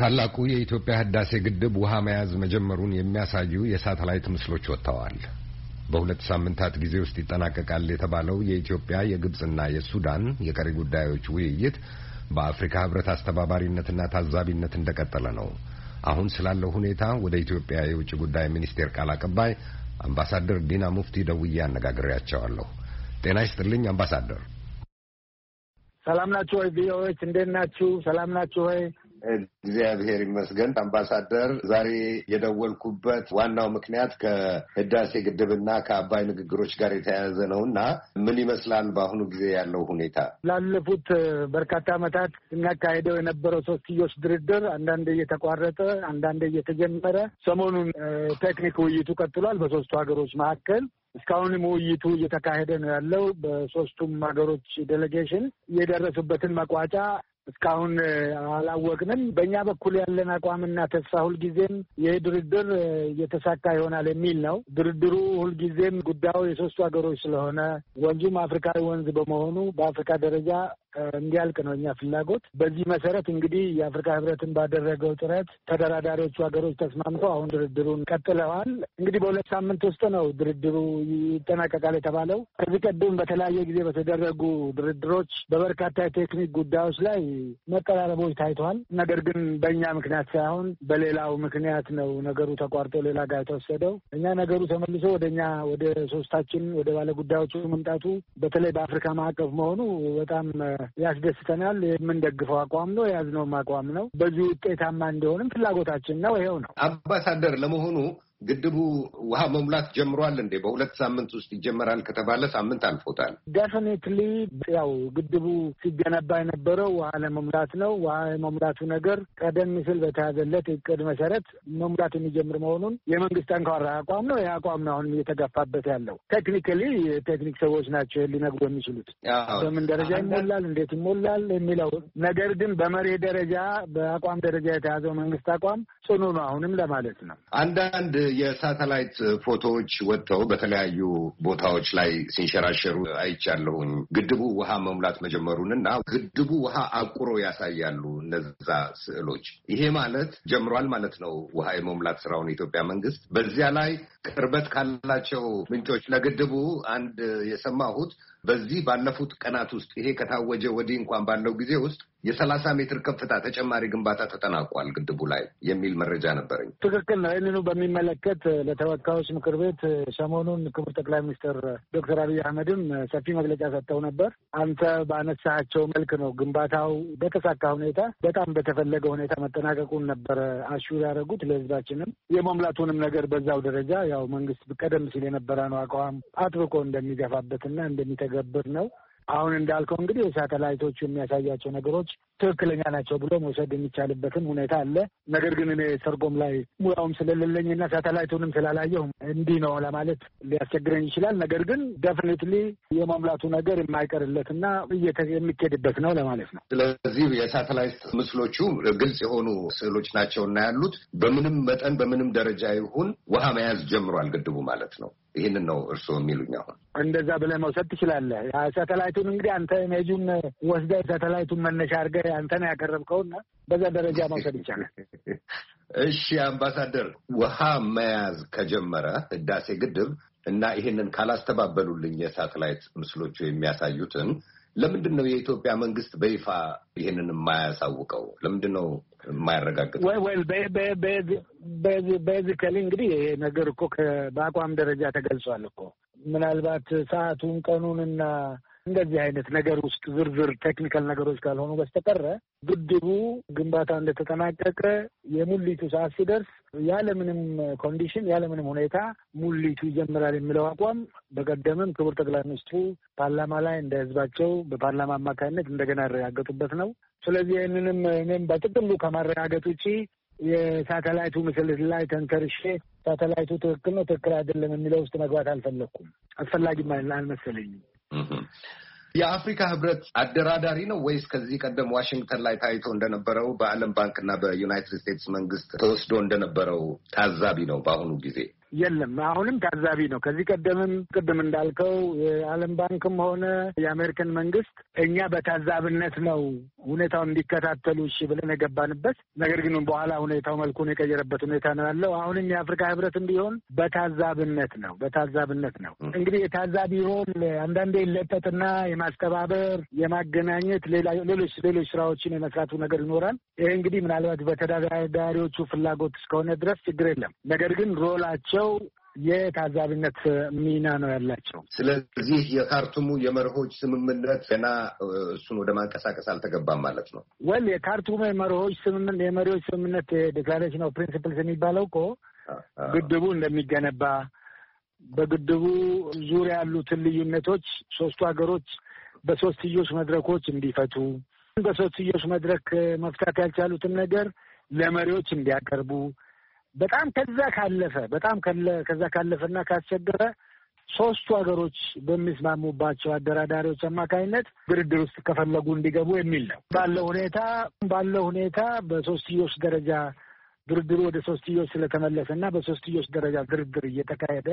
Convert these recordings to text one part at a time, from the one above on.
ታላቁ የኢትዮጵያ ህዳሴ ግድብ ውሃ መያዝ መጀመሩን የሚያሳዩ የሳተላይት ምስሎች ወጥተዋል። በሁለት ሳምንታት ጊዜ ውስጥ ይጠናቀቃል የተባለው የኢትዮጵያ የግብፅና የሱዳን የቀሪ ጉዳዮች ውይይት በአፍሪካ ህብረት አስተባባሪነትና ታዛቢነት እንደቀጠለ ነው። አሁን ስላለው ሁኔታ ወደ ኢትዮጵያ የውጭ ጉዳይ ሚኒስቴር ቃል አቀባይ አምባሳደር ዲና ሙፍቲ ደውዬ አነጋግሬያቸዋለሁ። ጤና ይስጥልኝ አምባሳደር። ሰላም ናችሁ ወይ? ቪኦኤዎች እንዴት ናችሁ? ሰላም ናችሁ ወይ? እግዚአብሔር ይመስገን አምባሳደር። ዛሬ የደወልኩበት ዋናው ምክንያት ከህዳሴ ግድብና ከአባይ ንግግሮች ጋር የተያያዘ ነው እና ምን ይመስላል በአሁኑ ጊዜ ያለው ሁኔታ? ላለፉት በርካታ ዓመታት የሚያካሄደው የነበረው ሶስትዮሽ ድርድር አንዳንዴ እየተቋረጠ፣ አንዳንዴ እየተጀመረ፣ ሰሞኑን ቴክኒክ ውይይቱ ቀጥሏል በሶስቱ ሀገሮች መካከል እስካሁንም ውይይቱ እየተካሄደ ነው ያለው። በሶስቱም ሀገሮች ዴሌጌሽን የደረሱበትን መቋጫ እስካሁን አላወቅንም። በእኛ በኩል ያለን አቋምና ተስፋ ሁልጊዜም ይህ ድርድር እየተሳካ ይሆናል የሚል ነው። ድርድሩ ሁልጊዜም ጉዳዩ የሶስቱ ሀገሮች ስለሆነ ወንዙም አፍሪካዊ ወንዝ በመሆኑ በአፍሪካ ደረጃ እንዲያልቅ ነው እኛ ፍላጎት። በዚህ መሰረት እንግዲህ የአፍሪካ ህብረትን ባደረገው ጥረት ተደራዳሪዎቹ ሀገሮች ተስማምተው አሁን ድርድሩን ቀጥለዋል። እንግዲህ በሁለት ሳምንት ውስጥ ነው ድርድሩ ይጠናቀቃል የተባለው። ከዚህ ቀደም በተለያየ ጊዜ በተደረጉ ድርድሮች በበርካታ የቴክኒክ ጉዳዮች ላይ መቀራረቦች ታይተዋል። ነገር ግን በእኛ ምክንያት ሳይሆን በሌላው ምክንያት ነው ነገሩ ተቋርጦ ሌላ ጋር የተወሰደው። እኛ ነገሩ ተመልሶ ወደ እኛ ወደ ሶስታችን ወደ ባለጉዳዮቹ መምጣቱ በተለይ በአፍሪካ ማዕቀፍ መሆኑ በጣም ያስደስተናል። የምንደግፈው አቋም ነው፣ የያዝነውም አቋም ነው። በዚህ ውጤታማ እንደሆንም ፍላጎታችን ነው። ይሄው ነው አምባሳደር ለመሆኑ ግድቡ ውሃ መሙላት ጀምሯል እንዴ? በሁለት ሳምንት ውስጥ ይጀመራል ከተባለ ሳምንት አልፎታል። ዴፊኒትሊ ያው ግድቡ ሲገነባ የነበረው ውሃ ለመሙላት ነው። ውሃ የመሙላቱ ነገር ቀደም ሲል በተያዘለት እቅድ መሰረት መሙላት የሚጀምር መሆኑን የመንግስት ጠንካራ አቋም ነው። ይህ አቋም ነው አሁን እየተገፋበት ያለው። ቴክኒካሊ ቴክኒክ ሰዎች ናቸው ሊነግሩ የሚችሉት በምን ደረጃ ይሞላል፣ እንዴት ይሞላል የሚለው ነገር ግን በመሬ ደረጃ በአቋም ደረጃ የተያዘው መንግስት አቋም ጽኑ ነው አሁንም ለማለት ነው አንዳንድ የሳተላይት ፎቶዎች ወጥተው በተለያዩ ቦታዎች ላይ ሲንሸራሸሩ አይቻለሁኝ። ግድቡ ውሃ መሙላት መጀመሩን እና ግድቡ ውሃ አቁሮ ያሳያሉ እነዛ ስዕሎች። ይሄ ማለት ጀምሯል ማለት ነው ውሃ የመሙላት ስራውን የኢትዮጵያ መንግስት። በዚያ ላይ ቅርበት ካላቸው ምንጮች ለግድቡ አንድ የሰማሁት በዚህ ባለፉት ቀናት ውስጥ ይሄ ከታወጀ ወዲህ እንኳን ባለው ጊዜ ውስጥ የሰላሳ ሜትር ከፍታ ተጨማሪ ግንባታ ተጠናቋል ግድቡ ላይ የሚል መረጃ ነበረኝ። ትክክል ነው። ይህንኑ በሚመለከት ለተወካዮች ምክር ቤት ሰሞኑን ክቡር ጠቅላይ ሚኒስትር ዶክተር አብይ አህመድም ሰፊ መግለጫ ሰጥተው ነበር። አንተ ባነሳቸው መልክ ነው ግንባታው በተሳካ ሁኔታ በጣም በተፈለገ ሁኔታ መጠናቀቁን ነበረ አሹ ያደረጉት። ለህዝባችንም የመሙላቱንም ነገር በዛው ደረጃ ያው መንግስት ቀደም ሲል የነበረ ነው አቋም አጥብቆ እንደሚገፋበትና እንደሚተገብር ነው አሁን እንዳልከው እንግዲህ የሳተላይቶቹ የሚያሳያቸው ነገሮች ትክክለኛ ናቸው ብሎ መውሰድ የሚቻልበትም ሁኔታ አለ። ነገር ግን እኔ ሰርጎም ላይ ሙያውም ስለሌለኝና ሳተላይቱንም ስላላየሁ እንዲህ ነው ለማለት ሊያስቸግረኝ ይችላል። ነገር ግን ደፍኒትሊ የመሙላቱ ነገር የማይቀርለትና የሚኬድበት ነው ለማለት ነው። ስለዚህ የሳተላይት ምስሎቹ ግልጽ የሆኑ ስዕሎች እና ያሉት በምንም መጠን በምንም ደረጃ ይሁን ውሃ መያዝ ጀምሯል ግድቡ ማለት ነው። ይህንን ነው እርስዎ የሚሉኝ? አሁን እንደዛ ብለህ መውሰድ ትችላለህ። ሳተላይቱን እንግዲህ አንተ ኢሜጁን ወስደህ ሳተላይቱን መነሻ አድርገህ አንተ ነው ያቀረብከውና በዛ ደረጃ መውሰድ ይቻላል። እሺ አምባሳደር፣ ውሃ መያዝ ከጀመረ ህዳሴ ግድብ እና ይህንን ካላስተባበሉልኝ የሳተላይት ምስሎቹ የሚያሳዩትን ለምንድን ነው የኢትዮጵያ መንግስት በይፋ ይህንን የማያሳውቀው? ለምንድን ነው የማያረጋግጠው? ቤዚካሊ እንግዲህ ይሄ ነገር እኮ በአቋም ደረጃ ተገልጿል እኮ ምናልባት ሰዓቱን ቀኑንና እንደዚህ አይነት ነገር ውስጥ ዝርዝር ቴክኒካል ነገሮች ካልሆኑ በስተቀረ ግድቡ ግንባታ እንደተጠናቀቀ የሙሊቱ ሰዓት ሲደርስ ያለምንም ኮንዲሽን ያለምንም ሁኔታ ሙሊቱ ይጀምራል የሚለው አቋም በቀደምም ክቡር ጠቅላይ ሚኒስትሩ ፓርላማ ላይ እንደ ህዝባቸው በፓርላማ አማካኝነት እንደገና ያረጋገጡበት ነው። ስለዚህ ይህንንም እኔም በጥቅሉ ከማረጋገጥ ውጪ የሳተላይቱ ምስል ላይ ተንተርሼ ሳተላይቱ ትክክል ነው፣ ትክክል አይደለም የሚለው ውስጥ መግባት አልፈለግኩም። አስፈላጊም አልመሰለኝም። የአፍሪካ ህብረት አደራዳሪ ነው ወይስ ከዚህ ቀደም ዋሽንግተን ላይ ታይቶ እንደነበረው በዓለም እና በዩናይትድ ስቴትስ መንግስት ተወስዶ እንደነበረው ታዛቢ ነው በአሁኑ ጊዜ? የለም። አሁንም ታዛቢ ነው። ከዚህ ቀደምም ቅድም እንዳልከው የዓለም ባንክም ሆነ የአሜሪካን መንግስት እኛ በታዛብነት ነው ሁኔታውን እንዲከታተሉ እሺ ብለን የገባንበት፣ ነገር ግን በኋላ ሁኔታው መልኩን የቀየረበት ሁኔታ ነው ያለው። አሁንም የአፍሪካ ህብረትም ቢሆን በታዛብነት ነው በታዛብነት ነው። እንግዲህ የታዛቢ ሮል አንዳንዴ ይለጠጥና የማስተባበር የማገናኘት፣ ሌሎች ሌሎች ስራዎችን የመስራቱ ነገር ይኖራል። ይሄ እንግዲህ ምናልባት በተደራዳሪዎቹ ፍላጎት እስከሆነ ድረስ ችግር የለም። ነገር ግን ሮላቸው ያላቸው የታዛቢነት ሚና ነው ያላቸው። ስለዚህ የካርቱሙ የመርሆች ስምምነት ገና እሱን ወደ ማንቀሳቀስ አልተገባም ማለት ነው። ወል የካርቱሙ የመርሆች ስምምነት የመሪዎች ስምምነት ዴክላሬሽን ኦፍ ፕሪንሲፕልስ የሚባለው እኮ ግድቡ እንደሚገነባ በግድቡ ዙሪያ ያሉትን ልዩነቶች ሶስቱ ሀገሮች በሶስትዮሽ መድረኮች እንዲፈቱ በሶስትዮሽ መድረክ መፍታት ያልቻሉትን ነገር ለመሪዎች እንዲያቀርቡ በጣም ከዛ ካለፈ በጣም ከዛ ካለፈና ካስቸገረ ሶስቱ ሀገሮች በሚስማሙባቸው አደራዳሪዎች አማካኝነት ድርድር ውስጥ ከፈለጉ እንዲገቡ የሚል ነው። ባለው ሁኔታ ባለው ሁኔታ በሶስትዮሽ ደረጃ ድርድሩ ወደ ሶስትዮሽ ስለተመለሰ እና በሶስትዮሽ ደረጃ ድርድር እየተካሄደ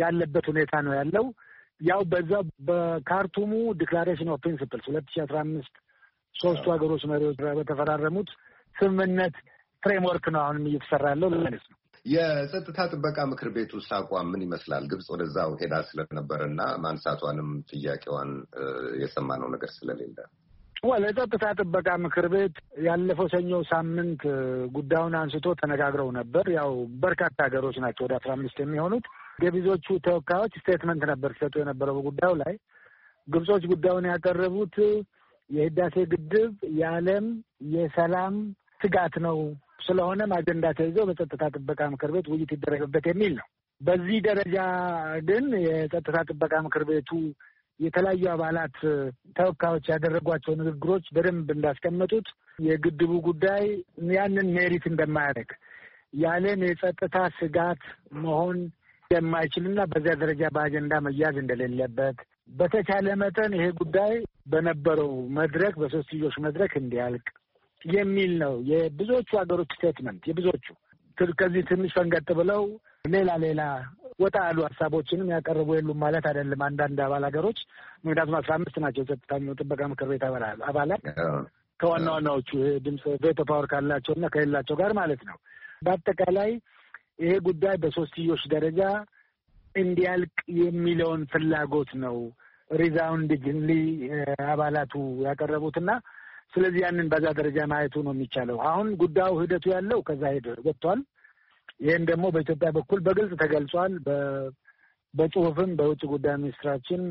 ያለበት ሁኔታ ነው ያለው። ያው በዛ በካርቱሙ ዲክላሬሽን ኦፍ ፕሪንስፕልስ ሁለት ሺ አስራ አምስት ሶስቱ ሀገሮች መሪዎች በተፈራረሙት ስምምነት ፍሬምወርክ ነው አሁንም እየተሰራ ያለው ማለት ነው። የጸጥታ ጥበቃ ምክር ቤት ውስጥ አቋም ምን ይመስላል? ግብጽ ወደዛው ሄዳ ስለነበረ እና ማንሳቷንም ጥያቄዋን የሰማነው ነገር ስለሌለ ወል የጸጥታ ጥበቃ ምክር ቤት ያለፈው ሰኞ ሳምንት ጉዳዩን አንስቶ ተነጋግረው ነበር። ያው በርካታ ሀገሮች ናቸው ወደ አስራ አምስት የሚሆኑት የብዙዎቹ ተወካዮች ስቴትመንት ነበር ሲሰጡ የነበረው ጉዳዩ ላይ ግብጾች ጉዳዩን ያቀረቡት የህዳሴ ግድብ የዓለም የሰላም ስጋት ነው ስለሆነም አጀንዳ ተይዞ በጸጥታ ጥበቃ ምክር ቤት ውይይት ይደረግበት የሚል ነው። በዚህ ደረጃ ግን የጸጥታ ጥበቃ ምክር ቤቱ የተለያዩ አባላት ተወካዮች ያደረጓቸው ንግግሮች በደንብ እንዳስቀመጡት የግድቡ ጉዳይ ያንን ሜሪት እንደማያደርግ ያለን የጸጥታ ስጋት መሆን እንደማይችልና በዚያ ደረጃ በአጀንዳ መያዝ እንደሌለበት በተቻለ መጠን ይሄ ጉዳይ በነበረው መድረክ በሶስትዮሽ መድረክ እንዲያልቅ የሚል ነው የብዙዎቹ ሀገሮች ስቴትመንት። የብዙዎቹ ከዚህ ትንሽ ፈንገጥ ብለው ሌላ ሌላ ወጣ ያሉ ሀሳቦችንም ያቀረቡ የሉም ማለት አይደለም። አንዳንድ አባል ሀገሮች ምክንያቱም አስራ አምስት ናቸው ጸጥታ ጥበቃ ምክር ቤት አባላት ከዋና ዋናዎቹ ድምፅ ቬቶ ፓወር ካላቸው እና ከሌላቸው ጋር ማለት ነው። በአጠቃላይ ይሄ ጉዳይ በሶስትዮሽ ደረጃ እንዲያልቅ የሚለውን ፍላጎት ነው ግንሊ አባላቱ ያቀረቡትና ስለዚህ ያንን በዛ ደረጃ ማየቱ ነው የሚቻለው። አሁን ጉዳዩ ሂደቱ ያለው ከዛ ሄደ ወጥቷል። ይህም ደግሞ በኢትዮጵያ በኩል በግልጽ ተገልጿል። በጽሁፍም በውጭ ጉዳይ ሚኒስትራችን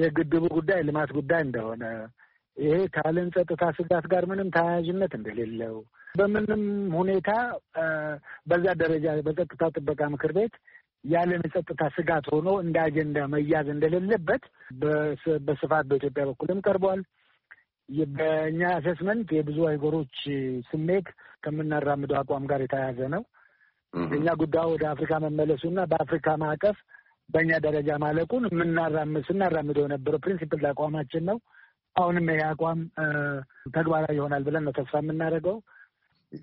የግድቡ ጉዳይ ልማት ጉዳይ እንደሆነ ይሄ ከዓለም ጸጥታ ስጋት ጋር ምንም ተያያዥነት እንደሌለው በምንም ሁኔታ በዛ ደረጃ በጸጥታ ጥበቃ ምክር ቤት ያለን የጸጥታ ስጋት ሆኖ እንደ አጀንዳ መያዝ እንደሌለበት በስፋት በኢትዮጵያ በኩልም ቀርቧል። በእኛ አሴስመንት የብዙ አይጎሮች ስሜት ከምናራምደው አቋም ጋር የተያያዘ ነው። እኛ ጉዳዩ ወደ አፍሪካ መመለሱና በአፍሪካ ማዕቀፍ በእኛ ደረጃ ማለቁን የምናራም ስናራምደው የነበረው ፕሪንሲፕል አቋማችን ነው። አሁንም ይሄ አቋም ተግባራዊ ይሆናል ብለን ነው ተስፋ የምናደርገው።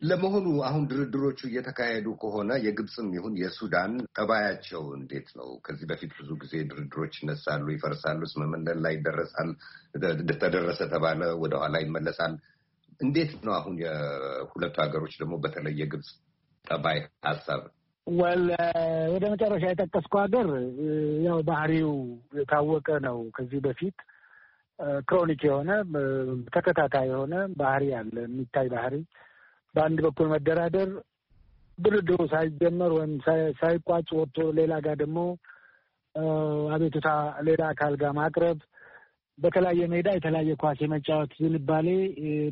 ለመሆኑ አሁን ድርድሮቹ እየተካሄዱ ከሆነ የግብፅም ይሁን የሱዳን ጠባያቸው እንዴት ነው? ከዚህ በፊት ብዙ ጊዜ ድርድሮች ይነሳሉ፣ ይፈርሳሉ፣ ስምምነት ላይ ይደረሳል፣ ተደረሰ ተባለ፣ ወደኋላ ይመለሳል። እንዴት ነው አሁን የሁለቱ ሀገሮች ደግሞ በተለይ የግብፅ ጠባይ ሀሳብ? ወል ወደ መጨረሻ የጠቀስኩ ሀገር ያው ባህሪው የታወቀ ነው። ከዚህ በፊት ክሮኒክ የሆነ ተከታታይ የሆነ ባህሪ አለ የሚታይ ባህሪ በአንድ በኩል መደራደር ድርድሩ ሳይጀመር ወይም ሳይቋጭ ወጥቶ ሌላ ጋር ደግሞ አቤቱታ ሌላ አካል ጋር ማቅረብ በተለያየ ሜዳ የተለያየ ኳስ የመጫወት ዝንባሌ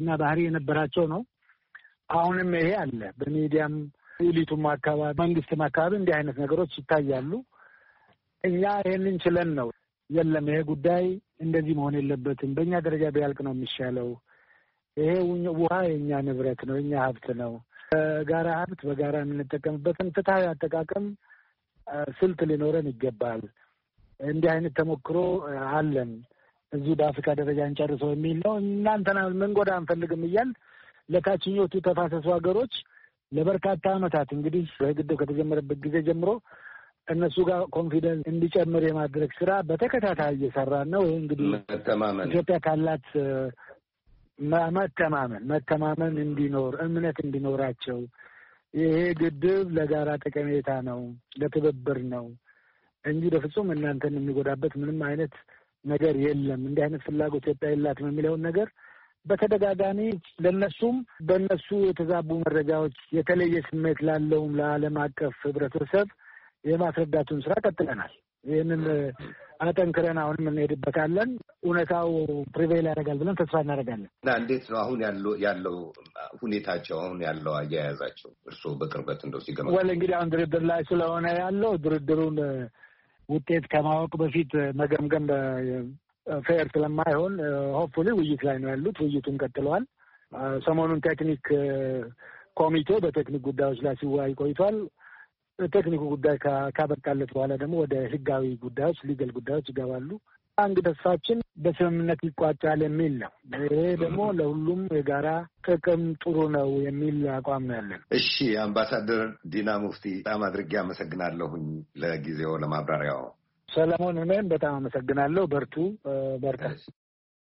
እና ባህሪ የነበራቸው ነው። አሁንም ይሄ አለ። በሚዲያም ኢሊቱም አካባቢ መንግስትም አካባቢ እንዲህ አይነት ነገሮች ይታያሉ። እኛ ይህንን ችለን ነው የለም ይሄ ጉዳይ እንደዚህ መሆን የለበትም፣ በእኛ ደረጃ ቢያልቅ ነው የሚሻለው ይሄ ውሃ የእኛ ንብረት ነው፣ የኛ ሀብት ነው። በጋራ ሀብት በጋራ የምንጠቀምበትን ፍትሐዊ አጠቃቀም ስልት ሊኖረን ይገባል። እንዲህ አይነት ተሞክሮ አለን። እዚህ በአፍሪካ ደረጃ እንጨርሰው የሚል ነው። እናንተና መንጎዳ አንፈልግም እያል ለታችኞቹ ተፋሰሱ ሀገሮች ለበርካታ ዓመታት እንግዲህ በግድብ ከተጀመረበት ጊዜ ጀምሮ እነሱ ጋር ኮንፊደንስ እንዲጨምር የማድረግ ስራ በተከታታይ እየሰራን ነው። ይህ እንግዲህ ኢትዮጵያ ካላት መተማመን መተማመን እንዲኖር እምነት እንዲኖራቸው ይሄ ግድብ ለጋራ ጠቀሜታ ነው፣ ለትብብር ነው እንጂ በፍጹም እናንተን የሚጎዳበት ምንም አይነት ነገር የለም፣ እንዲህ አይነት ፍላጎት ኢትዮጵያ የላትም የሚለውን ነገር በተደጋጋሚ ለነሱም በእነሱ የተዛቡ መረጃዎች የተለየ ስሜት ላለውም ለዓለም አቀፍ ህብረተሰብ የማስረዳቱን ስራ ቀጥለናል። ይህንን አጠንክረን አሁንም እንሄድበታለን። እውነታው ፕሪቬል ያደርጋል ብለን ተስፋ እናደርጋለን። እና እንዴት ነው አሁን ያለው ሁኔታቸው አሁን ያለው አያያዛቸው እርስዎ በቅርበት እንደው ሲገመ ወል እንግዲህ አሁን ድርድር ላይ ስለሆነ ያለው ድርድሩን ውጤት ከማወቅ በፊት መገምገም ፌር ስለማይሆን ሆፕፉሊ ውይይት ላይ ነው ያሉት። ውይይቱን ቀጥለዋል። ሰሞኑን ቴክኒክ ኮሚቴ በቴክኒክ ጉዳዮች ላይ ሲወያይ ቆይቷል። ቴክኒኩ ጉዳይ ካበቃለት በኋላ ደግሞ ወደ ህጋዊ ጉዳዮች ሊገል ጉዳዮች ይገባሉ። አንግ ተስፋችን በስምምነት ይቋጫል የሚል ነው። ይሄ ደግሞ ለሁሉም የጋራ ጥቅም ጥሩ ነው የሚል አቋም ነው ያለን። እሺ አምባሳደር ዲና ሙፍቲ በጣም አድርጌ አመሰግናለሁኝ ለጊዜው ለማብራሪያው። ሰለሞን፣ እኔም በጣም አመሰግናለሁ። በርቱ በርታ።